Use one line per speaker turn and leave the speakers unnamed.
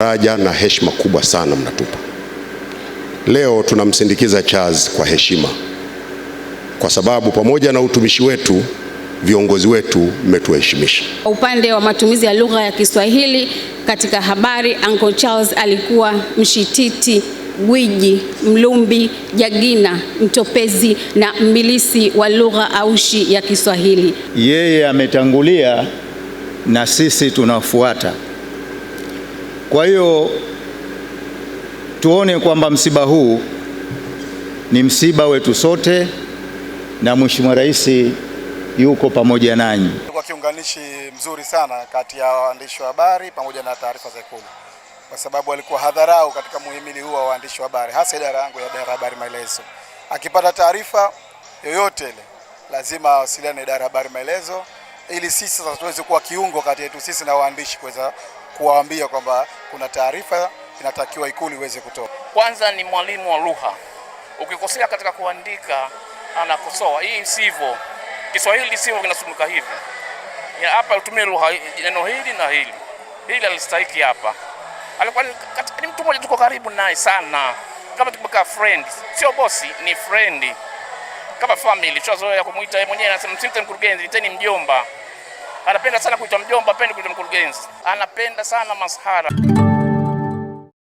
Daraja na heshima kubwa sana mnatupa. Leo tunamsindikiza Charles kwa heshima, kwa sababu pamoja na utumishi wetu viongozi wetu mmetuheshimisha.
Kwa upande wa matumizi ya lugha ya Kiswahili katika habari, Uncle Charles alikuwa mshititi, gwiji, mlumbi, jagina, mtopezi na mmilisi wa lugha aushi ya Kiswahili.
Yeye ametangulia na sisi tunafuata. Kwa hiyo tuone kwamba msiba huu ni msiba wetu sote na Mheshimiwa Rais yuko pamoja nanyi.
Kwa kiunganishi mzuri sana kati ya waandishi wa habari pamoja na taarifa za Ikulu, kwa sababu alikuwa hadharau katika muhimili huu wa waandishi wa habari, hasa idara yangu ya idara ya habari maelezo. Akipata taarifa yoyote ile lazima awasiliane na idara ya habari maelezo, ili sisi sasa tuweze kuwa kiungo kati yetu sisi na waandishi kuweza kuwaambia kwamba kuna taarifa inatakiwa Ikulu iweze kutoa.
Kwanza ni mwalimu wa lugha, ukikosea katika kuandika anakosoa, hii sivyo, Kiswahili sivyo kinasumbuka hivi hapa, utumie lugha neno hili na hili hili alistahiki hapa. Alikuwa ni mtu mmoja, tuko karibu naye sana, kama tukibaka friend, sio bosi, ni friend kama family. Tunazoea kumuita yeye mwenyewe, anasema msimte mkurugenzi, iteni mjomba anapenda sana kuita mjomba, apende kuita mkurugenzi, anapenda sana mashara